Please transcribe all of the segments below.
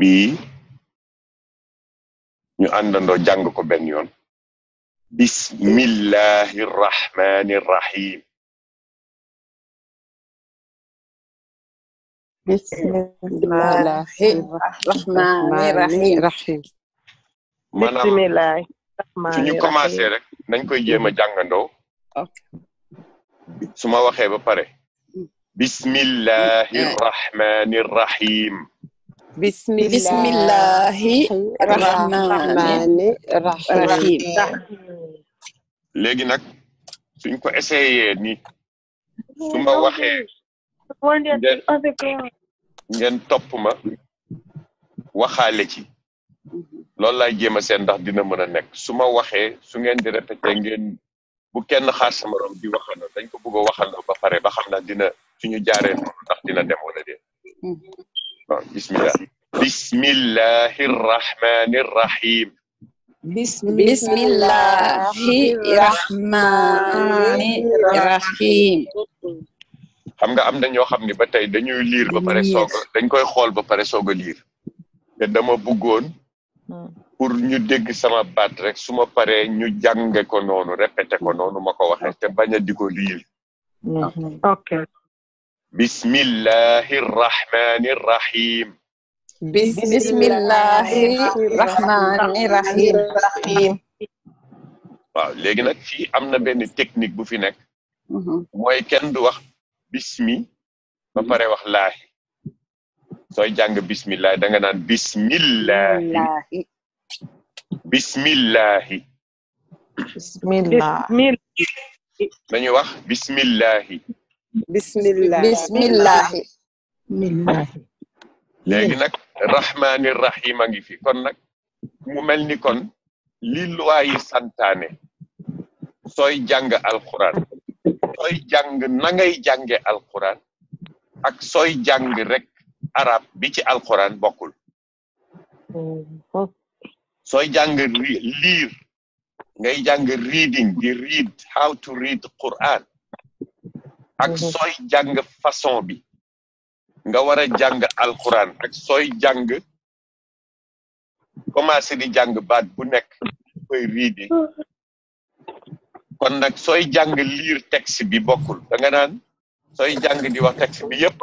bii ñu àndandoo jàng ko benn yoon bismillahi rahmani rahim bismillahi rahmani rahim maanaam ñu commencé rek nañ koy jéem a jàngandoo su ma waxee ba pare bismillahi rahmani bismillah bismillahi rahmaani rahiim léegi nag suñ ko essayé ni su ma waxee ngeen ngeen topp ci loolu laay jéem a seen ndax dina mën a nekk su ma waxee su ngeen di répété ngeen bu kenn xaar sama morom di waxandoo dañ ko bëgg a waxandoo ba pare ba xam na dina ñu jaaree noonu ndax dina dem wala déet mm-hmm. bismillah bismillahi rahmani rahim bismillahi rahmani rahim xam nga am na ñoo xam ne ba tey dañuy liir ba pare soog dañ koy xool ba pare soog a liir te dama bëggoon hmm. pour ñu dégg sama baat rek su ma paree ñu jànge ko noonu répété ko hmm. noonu ma ko te bañ a di hmm. ok bismillahi rahmani rahim. bismillahi rahmani rahim. waaw léegi nag fii am na benn technique bu fi nekk. Mhm. mooy kenn du wax bismi ba mhm. pare wax laahi sooy jàng bismillahi da nga naan bismillahi bismillahi bismillahi dañuy wax bismillahi bismillah bismillahi bismillahi léegi nag rahmaani rahim a ngi fi kon nag mu mel ni kon li loi yi santaane sooy jàng alquran sooy jàng na ngay jànge alquran ak sooy jàng rek arab bi ci alquran bokkul sooy jàng liir ngay jàng reading di read how to read quran ak mhm. sooy jàng façon bi nga war a jàng alxuraan ak sooy jàng commencé di jàng baat bu nekk koy riide kon nag sooy jàng liir texte bi bokkul da nga naan sooy jàng di wax texte bi yépp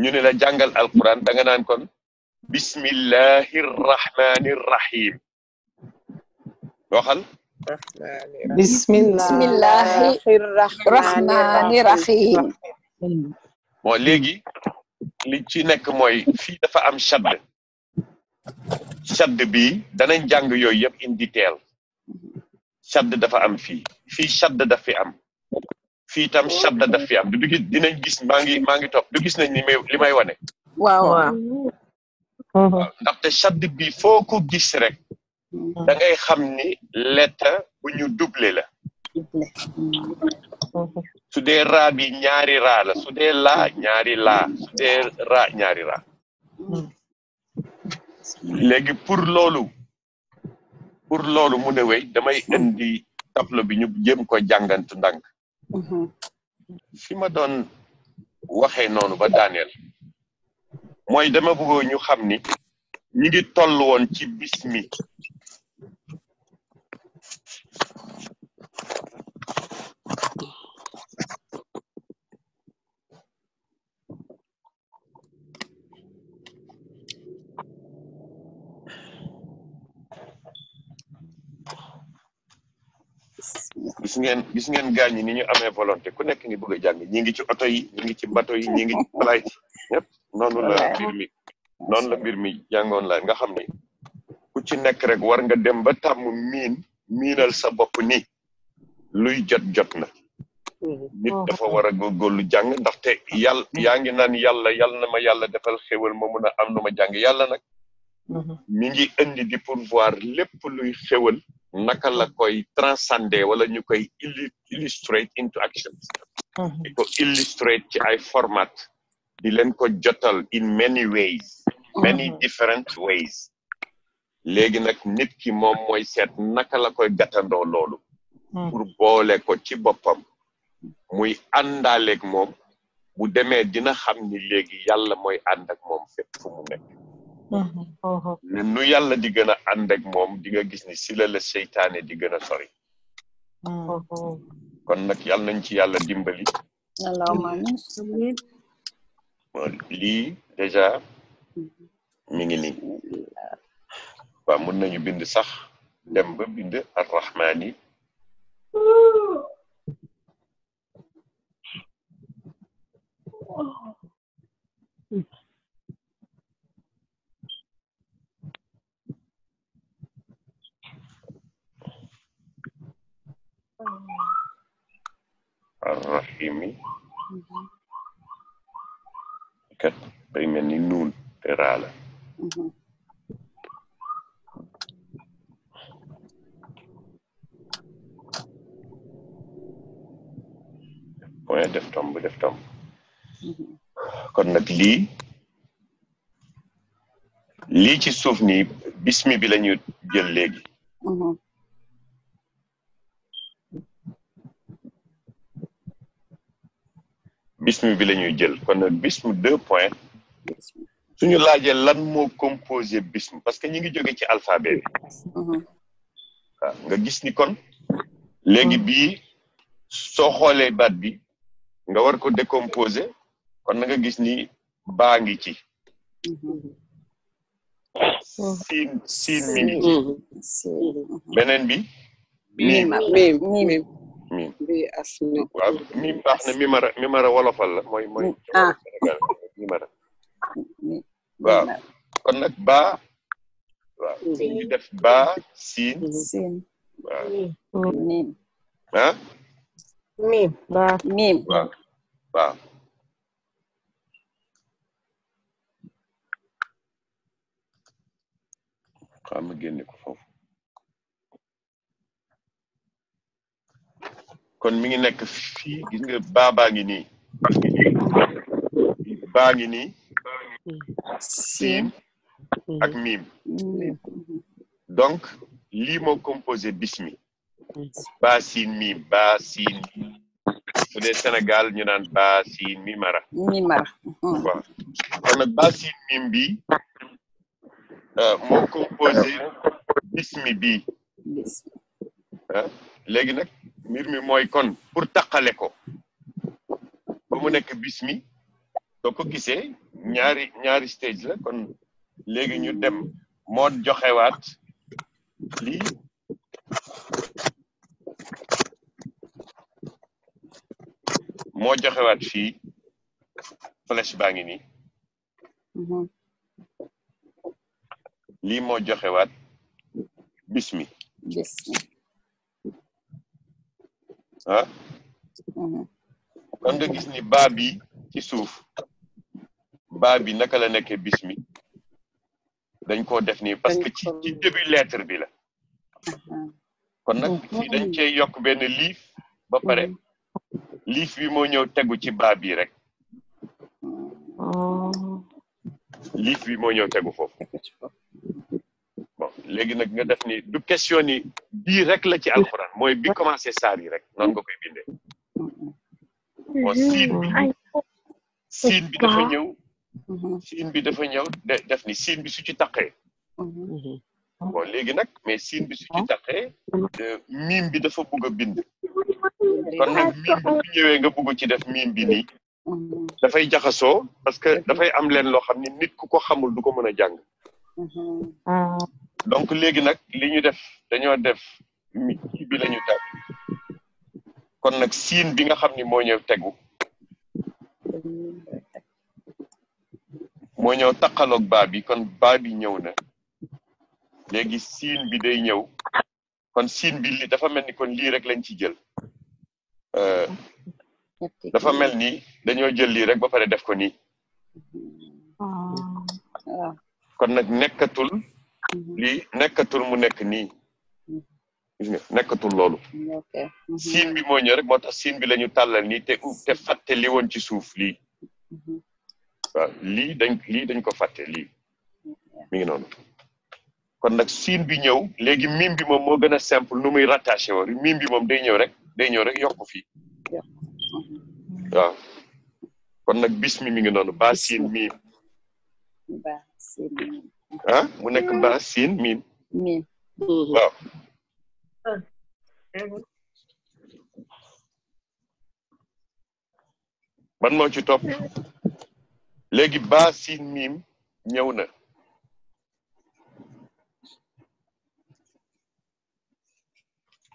ñu ne la jàngal alxuraan da nga naan kon bismillahi rahmani waxal bismillahi rahmani rahim bon léegi li ci nekk mooy fii dafa am chadd chadd bi danañ jàng yooyu yëpp indi teel chadd dafa am fi fii chadd daf fi am fii tam chadd daf fi am du gis dinañ gis maa ngi maa ngi topp du gis nañ li may li may wane waaw waaw ndaxte chadd bi foo ko gis rek Mm. da xam ni lettre bu ñu duble mm-hmm. la su dee raa bi ñaari raa la su dee laa ñaari laa su dee raa ñaari raa léegi pour loolu pour loolu mu ne wey damay indi tableau bi ñu jëm ko jàngantu ndànk mm-hmm. fi ma doon waxe noonu ba daaneel mooy dama bëggoon ñu xam ni ñi ngi toll woon ci bis mi gis ngeen gis ngeen gaañ ñi ni ñu amee volonté ku nekk ngi bëgg a jàng ngi ci oto yi ci bato yi ñi ci palaay yi ñëpp la mbir mi noonu la mbir mi jàngoon la nga xam ni ku ci nekk rek war nga dem ba tàmm miin miinal sa bopp ni luy jot jot na mhm. nit oh. dafa war a góorgóorlu jàng ndaxte yàlla yaa ngi naan yàlla yàlla na ma yàlla defal xéwal ma mun am nu ma jàng yàlla nag mhm. mi ngi indi di pourvoir lépp luy xewal naka la koy transcender wala ñu koy illustrate into action mhm. ko illustrate ci ay format di leen ko jotal in many ways many different ways léegi nag nit ki moom mooy seet naka la koy gàttandoo loolu hmm. pour boole ko ci boppam muy àndaaleeg moom bu demee dina xam ni léegi yàlla mooy ànd ak moom fépp fu mu nekk hmm. oh, oh. ne nu yàlla di gën a ànd ak moom di nga gis ni si la la seytaane di gën a sori hmm. oh, kon nag yàlla nañ ci yàlla dimbali lii déjà mi ngi waaw mën nañu bind sax dem ba bind arrahmaani arrahimi mhm. kat day mel ni nuun te raala mhm. point def tomb def tomb mhm. kon nag lii lii ci suuf nii bismi bi la ñu jël léegi mhm. bismi bi lañuy jël kon nag bismu deux points suñu laajee lan moo composé bismu parce que ñu ngi jóge ci alphabet bi mhm. waaw nga gis ni kon léegi bii soo xoolee baat bi nga war ko décomposer kon na nga gis ni baa ngi ci siin siin mi ngi ci beneen bi miim miim miim waaw miim baax na mimara mimara wolofal la mooy mooy mimara ah. waaw kon nag baa waaw ñu def baa siin waaw Mim. Ba. Mim. Ba. Ba. xam kon mi ngi nekk fii baa baa ngi nii baa ngi nii siin ak miim donc lii moo composé bismi baa siin miim baa siin bu dee Sénégal ñu naan baa mi mara mi mara hmm. waaw miim bi euh, moo composé bismi bi euh, léegi nag mbir mi mooy kon pour taqale ko ba mu nekk bismi soo ko gisee ñaari ñaari stage la kon léegi ñu dem moo joxewaat lii moo joxewaat fii flèche baa ngi nii mhm. lii moo joxewaat bismi bismi ah mhm. kon nga gis ni baa bi ci suuf baa bi naka la nekkee bismi dañ koo def nii parce que ci ci début bi la mhm. kon nag fii dañ cee yokk benn liif ba pare liif bi moo ñëw tegu ci baa bi rek liif bi moo ñëw tegu foofu bon léegi nag nga def ni du question ni bii rek la ci alxuraan mooy bi commencé saar yi rek noonu nga koy bindee bon siin bi siin bi dafa ñëw mhm. siin bi dafa ñëw def ni siin bi su ci taqee mhm. bon léegi nag mais siin bi su ci taqee euh, miim bi dafa bugg bind kon nag miim bu ñëwee nga bugg ci def miim bi nii dafay jaxasoo parce que mm-hmm. dafay am leen loo xam ni nit ku ko xamul du ko mën a jàng mm-hmm. donc léegi nag li ñu def dañoo def mi bi la ñu teg kon nag siin bi nga xam ni moo ñëw tegu moo ñëw taqaloog baa bi kon baa bi ñëw na léegi siin bi day ñëw kon siin bi li dafa mel ni kon lii rek lañ ci jël Euh, dafa mel ni dañoo jël lii rek ba pare def ko nii. Ah. Ah. kon nag nekkatul. Mm-hmm. lii nekkatul mu nekk nii. Mm-hmm. nekkatul loolu. Mm-hmm. siin bi moo ñëw rek moo tax siin bi lañu tàllal nii te te fàtte li woon ci suuf lii. waaw lii dañ lii dañ ko fàtte lii. mu ngi noonu. kon nag siin bi ñëw léegi miin bi moom moo gën a simple nu muy rattaché woon mim bi moom day ñëw rek. day ñëw rek yokku fii waaw kon nag bis mi mi ngi noonu ba siin miim ah mu nekk ba siin miim waaw ban moo ci topp léegi ba siin miim ñëw na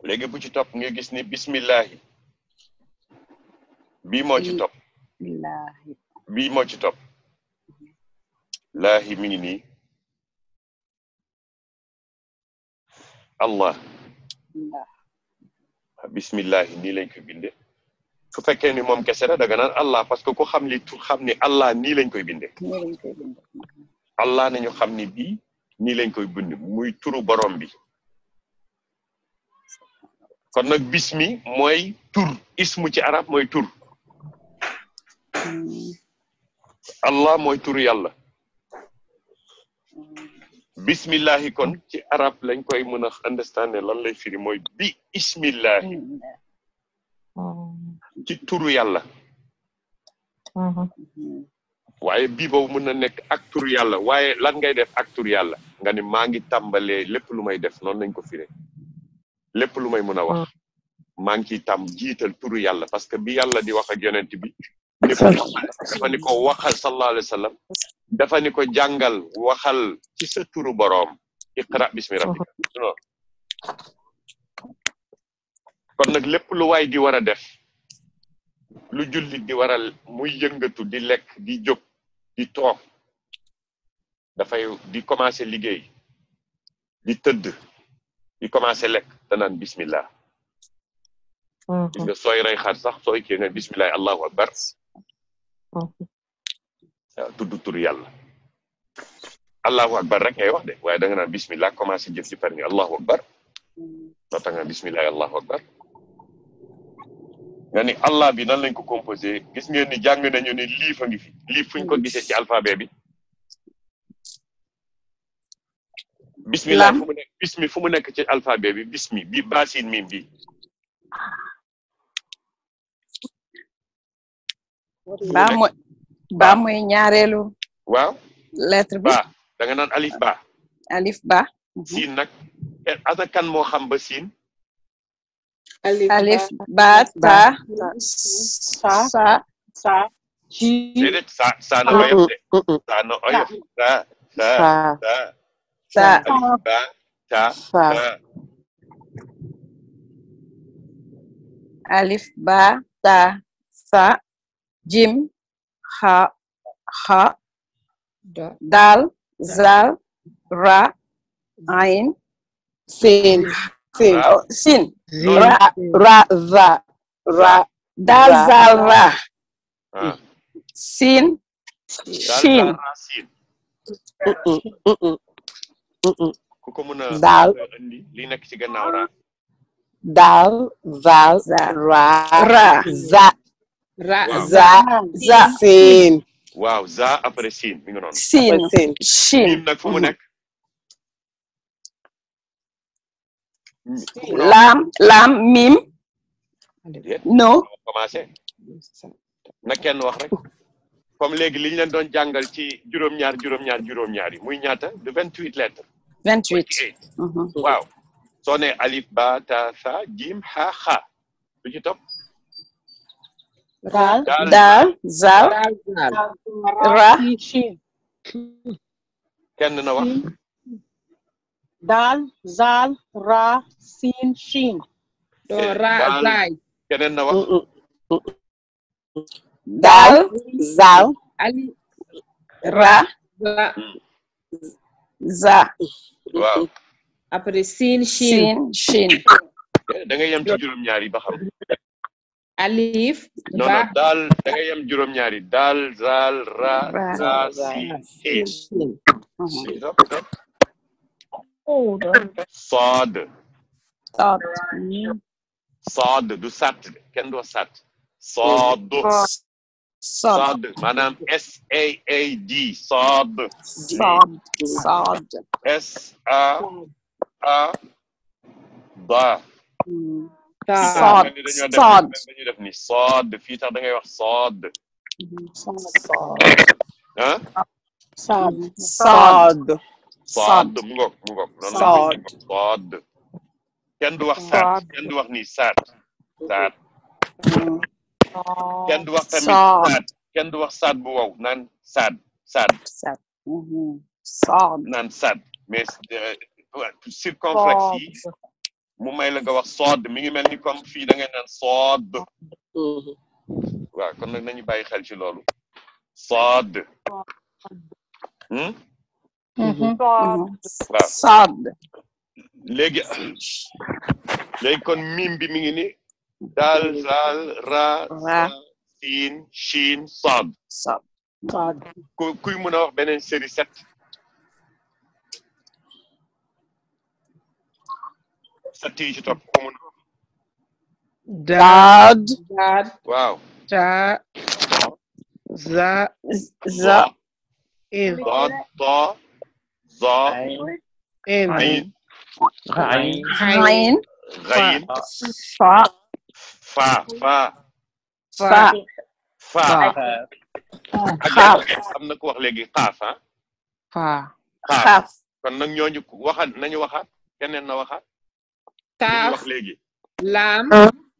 léegi bu ci topp nga gis ni bismillahi bii moo ci topp bii moo ci topp laahi mi ngi nii allah bismillahi nii lañ koy binde su fekkee ni moom kese la da allah parce que ku xam xam ni allah nii lañ koy binde allah nañu xam ni bi nii lañ koy bind muy turu borom bi kon nag bismi mooy tur ismu ci arab mooy tur allah mooy turu yàlla bismillahi kon ci arab lañ koy mën a understand lan lay firi mooy bi ismillahi ci turu yàlla waaye bii boobu mën na nekk ak turu yàlla waaye lan ngay def ak turu yàlla nga ne maa ngi tàmbalee lépp lu may def noonu lañ ko fire lépp lu may mën a wax mm. maa ngi ciy tam jiital turu yàlla parce que bi yàlla di wax ak yonent bi ni ko dafa ni ko waxal sallallahu wa sallam dafa ni ko jàngal waxal ci sa turu boroom iqra bismi rabbika mm-hmm. kon nag lépp lu waay di war a def lu jullit di war muy yëngatu di lekk di jóg di toog dafay di commencer liggéey di tëdd yu commencé lekk danaan bismillah ah, gis nga ah. sooy rey xar sax sooy kii nga bismillahi allahu akbar ah, waaw tudd tur yàlla allahu akbar rek ngay wax de waaye da nga naan bismillah commencé si ci parmi allahu akbar noo tax nga bismillahi allahu akbar nga ni allah bi nan lañ ko composé gis ngeen ni jàng nañu ni liifa ngi fi liif fuñ ko gisee ci alphabet bi bismillah mu nekk bismi fu mu ci alphabet bi bismi bi baasin mim bi baa mooy baa mooy ñaareelu waaw lettre bi da nga naan alif ba alif ba mhm. siin nag eh, ana kan moo xam ba siin alif ba ta sa sa sa ah. oyof de sa na oyof sa sa ta ba ta fa alif ba ta sa jim xa xa dal zal ra ayn sin oh, sin sin ra ra za ra dal zal ra sin shin ku ko mën daal li nekk ci gannaaw ra ra za za za siin waaw za après siin mi ngi noonu siin siin fu mu mm-hmm. nekk laam mim no na kenn wax rek comme léegi li leen doon jàngal ci juróom-ñaar juróom-ñaar juróom-ñaar yi muy ñaata de vingt huit lettres. vingt huit mhm. waaw soo alif ba ta sa jim ha xa lu ci topp. ra daal zaal wax. daal zaal ra siin siin. ra zaay keneen na wax. daal zaal ali ra za waaw shin shin da ngay yem ci juróom-ñaar yi ba xam alif non daal da ngay yem juróom-ñaar daal zaal ra za siin shin mhm. saad saad du sat kenn doo sat saad Saad. maanaam S A A D. Saad. Saad. ni Saad fii tax da wax Saad. ah. Saad Saad. Saad mu mm. ngoog mu ngoog. Saad Saad. kenn wax Saad kenn du wax ni kenn du wax tamit saad kenn wax saad bu wow naan saad saad saad saad mais euh, circonflexe yi mu may la nga wax sood mi ngi mel ni comme fii danga ngay naan sood kon nag nañu bàyyi xel ci loolu sood hmm? waaw léegi léegi kon mim bi mi ngi ni daal zaal ra. ra siin shiin saad. saad saad. ku kuy mën a wax beneen série sept. sept yi ci topp ku mën a wax. daad. daad waaw. ta za za. in daad ta za. in. ayn. ayn. ayn. ayn. ฟาฟา Fa. fa ak am na ku wax léegi xaaf ah fa xaaf kon nag ñooñu waxaat nañu waxaat keneen na waxaat li ñu wax léegi laam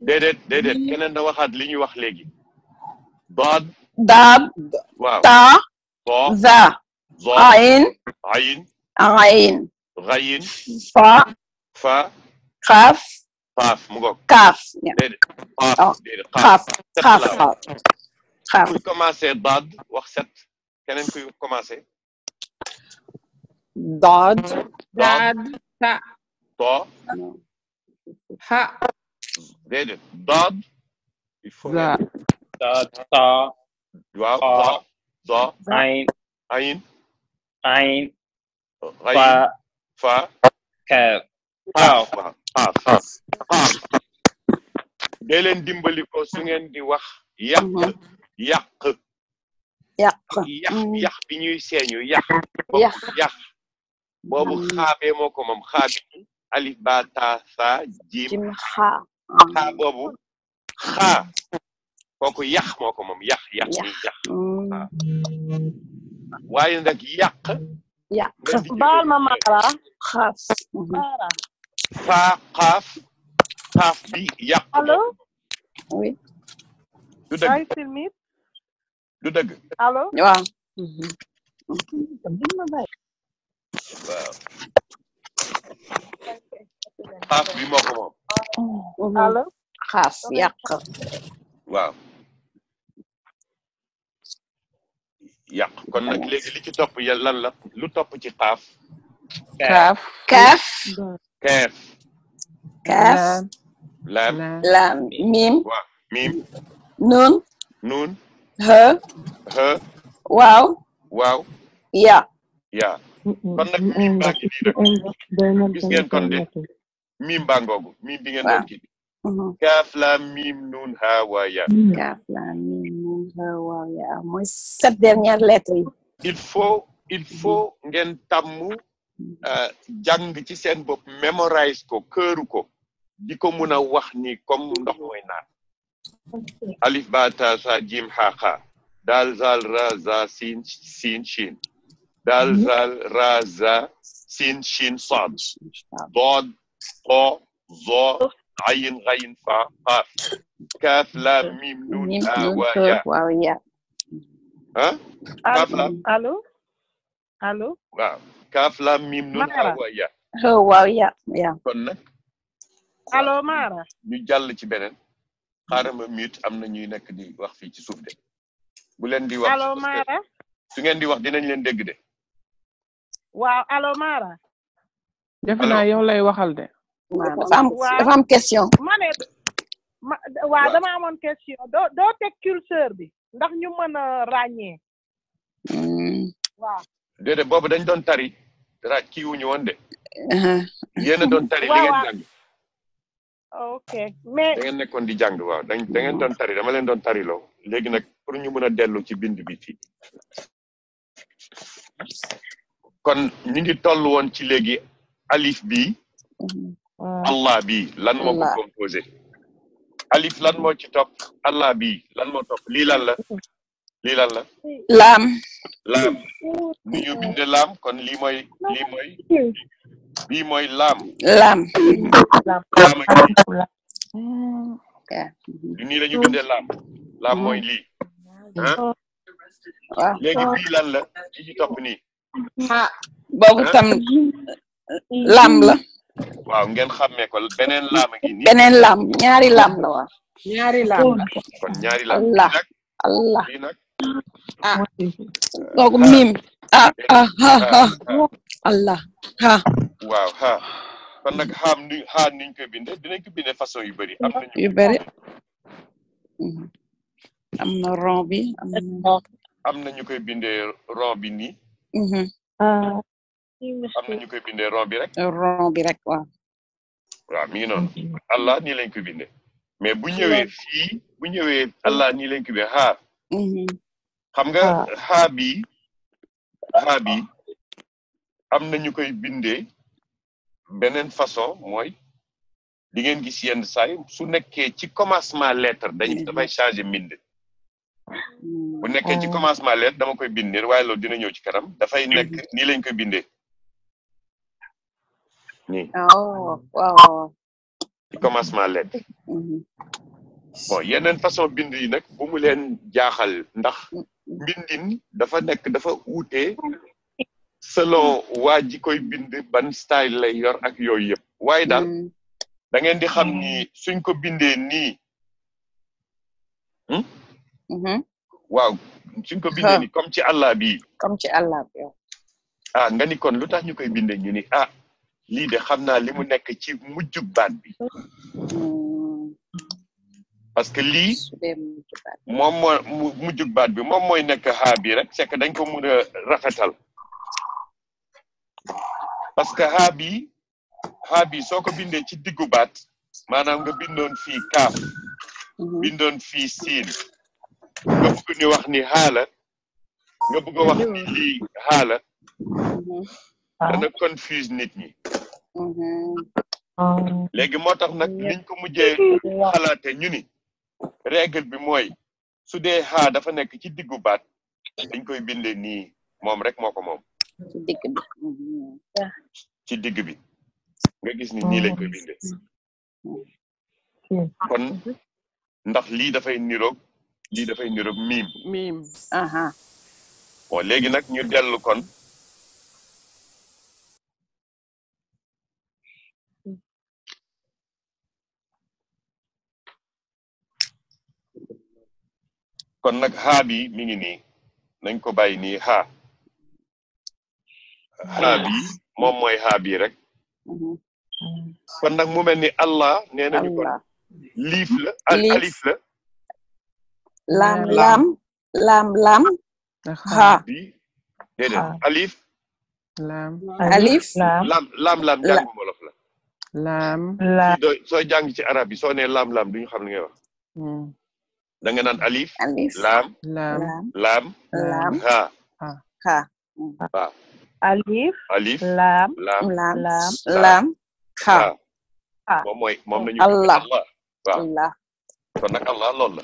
déedéet déedéet keneen na waxaat li ñu wax léegi daad daad waaw taa za ayn ayn ayn gayin fa fa xaaf xaaf mu ngoog. kaaf déedéet xaaf déedéet xaaf xaaf xaaf kuy commencé daad wax set keneen kuy commencé. daad. daad ta. to. ha. déedéet daad. il faut daad ta. waaw ta do. ayin. ayin. ayin. fa fa. kaaf. waaw. xaas ah, ah, xaas ah. xaas dee leen dimbali ko su ngeen di wax yàq mhm. yàq yàq mm. yàq bi ñuy seeñu yàq yàq yàq boobu mm. xaabee moo ko moom xaabi alif ba ta sa jim xaa xaa boobu xaa kooku yàq moo ko moom yàq yàq mm. waaye nag yàq yàq baal ma maara xaas maara mhm. faa xaaf xaaf bi yàq. allo. oui. du dëgg du waaw. waaw. xaaf bi moo ko moom. Mhm. yàq. waaw. yàq kon nag léegi li ci topp yàlla lan la lu topp ci xaaf. kaaf kaaf. kaaf. kaaf. laam laam miim. waaw miim. nuun. nuun. ha. ha. waaw. waaw. yaa. yaa kon nag miim baa ngi nii rek gis ngeen kaaf laam miim nuun ha wa mm-hmm. kaaf laam miim nuun ha wa yaa mooy sept dernières il faut il faut ngeen tàmmu. Euh, jàng ci seen bopp mémorise ko këru ko di ko mun a wax ni comme ndox mooy naan alif ba ta sa jim xaaxa daal zal ra za siin siin shin daal mhm. zal zo ayin xayin fa xaaf kaaf laa mim nun a waaw ya ah kaaf laa kaaf laam miim nun awa ya oh, ya ya kon nag allo Mara ñu jàll ci beneen xaaral ma mute am na ñuy nekk di wax fii ci suuf de bu leen di wax allo Mara su ngeen di wax dinañ leen dégg de waaw allo Mara defe naa yow lay waxal de dafa am dafa ma ne dama amoon question doo doo teg curseur bi ndax ñu mën a ràññee hmm. déedéet boobu dañ doon tari raaj kii wuñu woon de. yéen a doon tari li ngeen jàng. Oh, ok mais da ngeen nekkoon di jàng waaw da ngeen doon tari dama leen doon tari loo léegi nag pour ñu mën a dellu ci bind bi fii. kon ñu ngi toll woon ci léegi alif bi mm-hmm. allah bi lan moo ko alif lan moo ci topp allah bi lan moo topp lii lan la. lii lan la. laam. laam bi ñu laam kon lii mooy lii mooy bii mooy laam. laam. laam ak nii la ñu laam laam mooy lii ah. waaw léegi bii la ci ci topp nii. ah boobu tam laam la. waaw ngeen xàmmee ko beneen laam a beneen laam ñaari laam la waaw. ñaari laam la kon ñaari laam. allah allah. ah kooku ah. ah ah ah allah ah. waaw ah kon nag xaam ni xaam niñ koy bindee dinañ ko bindee façon yu bari am nañu yu bëri. Mm-hmm. am na rond bi am na. am na ñu koy bindee rond bi mm-hmm. ah. am na ñu koy bindee rond bi rek. rond bi mi ngi allah nii lañ koy bindee mais bu ñëwee fii bu ñëwee allah nii lañ koy bindee xaar. xam nga xaa bi xaa bi na ñu koy bindee beneen façon mooy di ngeen gis yenn saay su nekkee ci commencement lettre dañ mm-hmm. dafay changer mbind mm-hmm. bu nekkee ci ah. commencement lettre dama koy bind waaye loolu dina ñëw ci kanam dafay mm-hmm. nekk nii lañ koy bindee nii oh, waaw ci commencement lettre bon yeneen façon bind yi nag leen jaaxal ndax mm. mbindin dafa nekk dafa wuute selon waa koy bind ban style lay yor ak yooyu yëpp waaye daal hmm. da di xam ni hmm. suñ ko bindee nii hmm? mm-hmm. waaw ko ci Allah bi comme ci bi ah nga ni kon lu tax ñu koy bindee ñu ni ah, lii de xam naa li mu nekk ci mujjub baat bi parce que lii moom moo mujjug baat bi moom mooy nekk xaa bi rek c'est dañ ko mun a rafetal parce que xaa bi xaa bi soo ko bindee ci diggu baat maanaam nga bindoon fii kaaf mhm. bindoon fii siin nga bëgg wax ni xaala nga bëgg a wax ni lii xaala mhm. dana confuse nit ñi mhm. ah. léegi moo tax nag liñ ko mujjee xalaate ñu ni règle bi mooy su dee xaa dafa nekk ci diggu baat dañ koy binde nii moom rek moo ko moom ci digg bi ci nga gis ni nii lañ koy binde kon ndax lii dafay niroog lii dafay niroog miim miim aha bon léegi nag ñu dellu kon kon nag xaa bi mi ngi nii nañ ko bàyyi nii xaa xaa bi moom mooy xaa bi rek kon nag mu mel ni allah nee nañu kon liif la alif la laam laam laam laam xaa alif laam laam laam laam jàngu la laam soo jàng ci arab bi soo nee laam laam duñu xam li ngay da nga naan alif. alif laam laam laam. laam ha ha. waaw. alif. alif laam laam laam laam ha. moom mooy moom la ñu. allah allah. kon nag allah loolu la.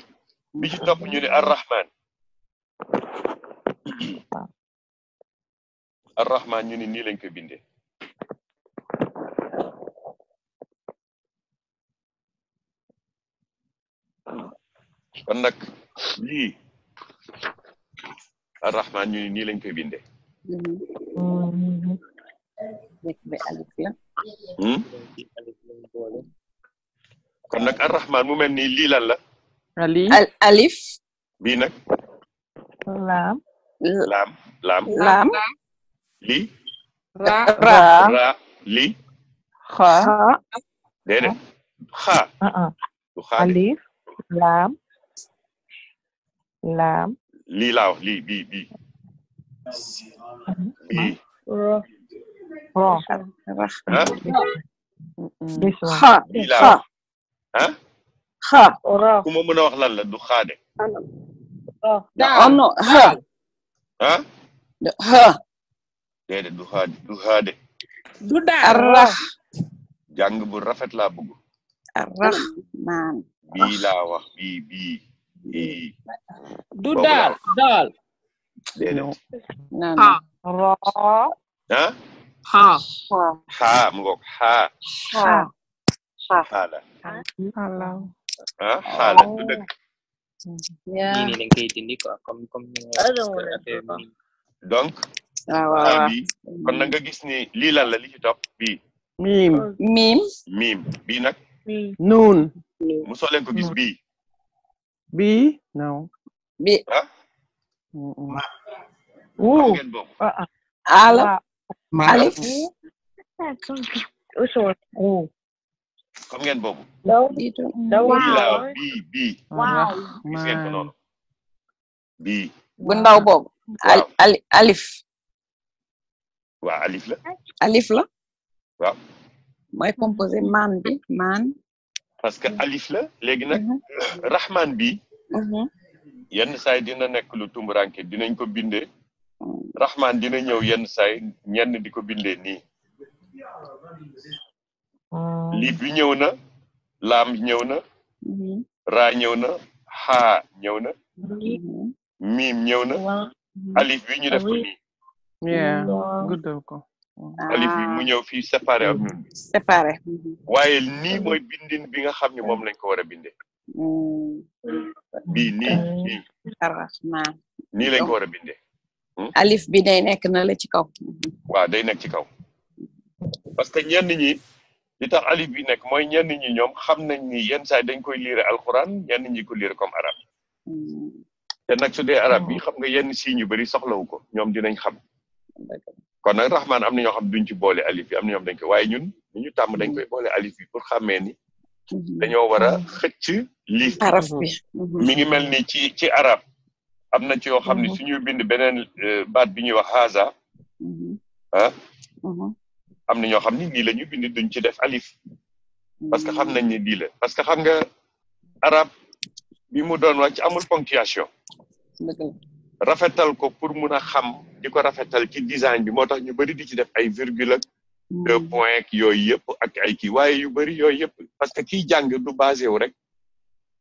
bi ci topp ñu ne arrahman. arrahman ñu ne kon nag lii arrahman ñu ni nii lañ koy binde hmm? kon nag arrahman mu mel ni lii lan la alif bii nag laam laam laam laam lii raa raa lii xaa déedéet xaa uh-uh. du xaa alif laam naam lii laa wax lii bii bii bii wrong lii laa wax ah xaa ku ma mën a wax lan la du xaade non xaa ah xaa déedéet du xaade du xaade du daal bu rafet la bëgg arax maan bii laa wax bii bii du daal daal. déedéet. ah. ah. ha. ha mu ngoog ha. ha. xaala. ah xaala du dëkk. yaa ngi leen koy dindi quoi comme comme. donc. waaw ah, waaw kon nag gis ni lii lan la li ci topp bii. miim oh. miim. miim bii nag. nuun. musoo ko gis bii. Bi não. Bi. Hã? Uh, Ma. Uh. Alif. Usul. Uh. Xam bi bi. bi. bu ndaw boobu. ali alif. waaw alif la. alif la. waaw. mooy composé maan bi maan. parce que alif la léegi nag. Mhm. rahman bi. Mm-hmm. yenn saay dina nekk lu tumburanke dinañ ko bindee raxmaan dina ñëw yenn saay ñenn di ko bindee nii mm. lii bi ñëw na laam ñëw na mm-hmm. raa ñëw na xaa ñëw na mm-hmm. miim ñëw na alif bi ñu def ko nii ah. alif bi mu ñëw fii séparé ak ñun séparé waaye nii mooy bindin bi nga xam ne moom lañ ko war a bindee Mm. bii nii nii. arrahman. nii lañ ko a bindee. Hmm? alif bi day nekk na la ci kaw. waaw day nekk ci kaw. parce que ñenn ñi li tax alif bi nekk mooy ñenn ñi ñoom xam nañ ni yenn saay dañ koy liire alquran ñenn ñi ko liire comme arab. Mm. te nag su dee arab bi mm. xam nga yenn signes bari soxla soxlawu ko ñoom dinañ xam. kon nag rahman am na ñoo xam duñ ci boole alif bi am na ñoom dañ koy waaye ñun ñu tàmm dañ koy boole alif bi pour xàmmee ni. Mhm. dañoo war a mhm. xëcc lii. arab bi mhm. mi ngi mel ni ci ci arab am na ci yoo xam ne suñuy bind beneen euh, baat bi ñuy wax haza ah am na ñoo xam ne nii la ñuy bind duñ ci def alif parce que xam nañ ni nii parce que xam nga arab bi mu doon ci amul ponctuation rafetal ko pour mun a xam di ko rafetal ci design bi moo tax ñu bari di ci def ay virgule ak deux hmm. points yooyu yëpp ak ay kii waaye yu bëri yooyu yëpp parce que kiy jàng du basé wu rek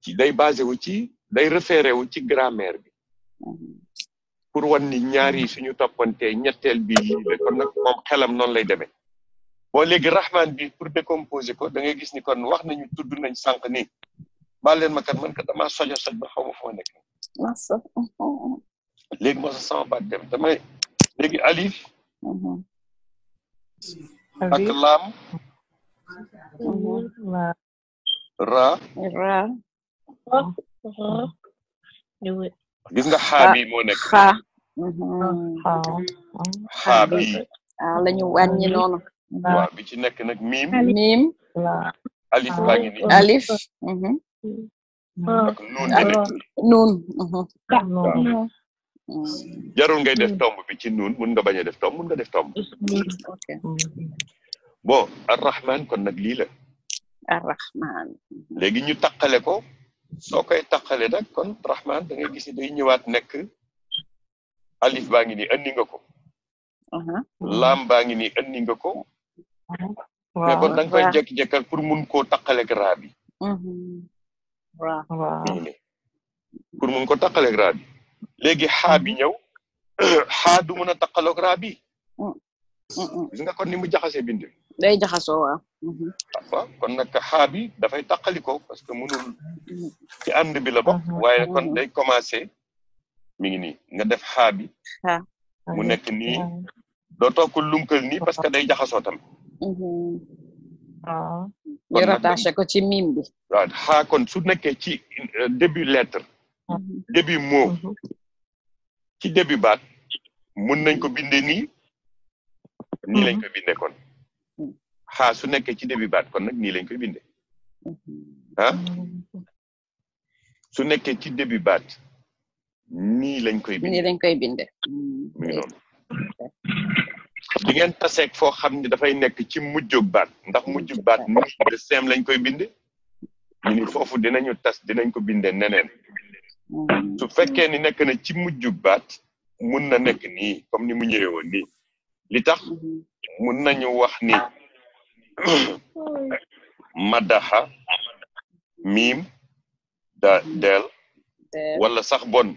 ci day basé wu ci day référé wu ci grammaire bi pour wan ni ñaari hmm. suñu toppantee ñetteel bi lii kon nag moom xelam noonu lay demee bon léegi rahman bi pour décomposer ko da ngay gis ni kon wax nañu tudd nañ sànq ni ba leen ma kat man kat damaa sojo soj ba xaw ma foo nekk léegi moo sa sama baat dem damay léegi alif hmm. ak laam ra ra gis nga xaabi moo nekk xaa mm-hmm. xaabi ah la ñu wàññi noonu waaw bi ci nekk nag miim miim alif baa ngi nii alif mm-hmm. ak nuun bi Mm. jarul ngay def tomb bi ci nuun mun nga bañ def tomb mun nga def tomb. ok. bon arrahman kon nag lii la. arrahman. léegi ñu taqale ko soo koy taqale nag kon rahman da ngay gis day ñëwaat nekk alif baa ngi nii andi ko. Uh-huh. laam baa ngi nii andi nga ko. waaw mais kon da nga koy pour mun koo taqale ak raa bi. Mm-hmm. mun ko taqale ak léegi xaa bi ñëw xaa du mën a taqaloog raa bi mm, mm, mm. gis nga kon ni mu jaxasee bind bi day jaxasoo waaw mm-hmm. waaw kon nag xaa bi dafay taqaliko parce que mënul mm-hmm. ci ànd bi la bokk mm-hmm. waaye kon day commencé mi ngi nii nga def xaa bi mu nekk nii doo toog lunkal nii parce que day jaxasoo tam waaw ah. ñu rattaché ko ci miim bi waaw xaa kon su nekkee ci euh, début lettre Mm-hmm. début mot mm-hmm. ci début baat mën nañ ko bindee nii nii lañ mm-hmm. koy bindee kon xaa su nekkee ci début baat kon nag nii lañ koy bindee ah su nekkee ci début baat nii lañ koy bindee nii lañ koy bindee mi ngi ngeen taseeg foo xam ne dafay nekk ci mujjub baat ndax mujjub baat nii lañ koy binde foofu dinañu tas dinañ ko binde neneen su fekkee ni nekk na ci mujj baat mun na nekk nii comme ni mu woon nii li tax mun nañu wax ni madaxa miim da del wala sax bon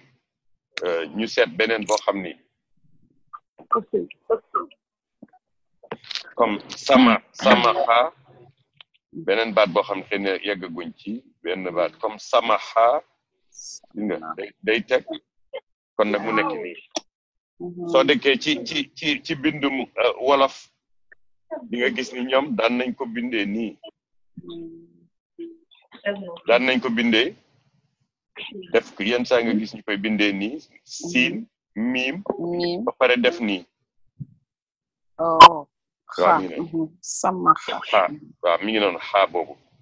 euh, ñu seet beneen boo xam ni comme sama samaxa beneen baat boo xam ne xëy na yeggaguñ ci benn baat comme samaxa gis nga day teg kon nag mu nekk nii soo dekkee ci ci ci ci bindum uh, wolof di nga gis ni ñoom daan nañ ko bindee nii daan nañ ko bindee def ko yenn sa nga gis ñu koy bindee nii siin miim ba def nii oh, mhm. waaw mi ngi noonu xaa waaw mi ngi noonu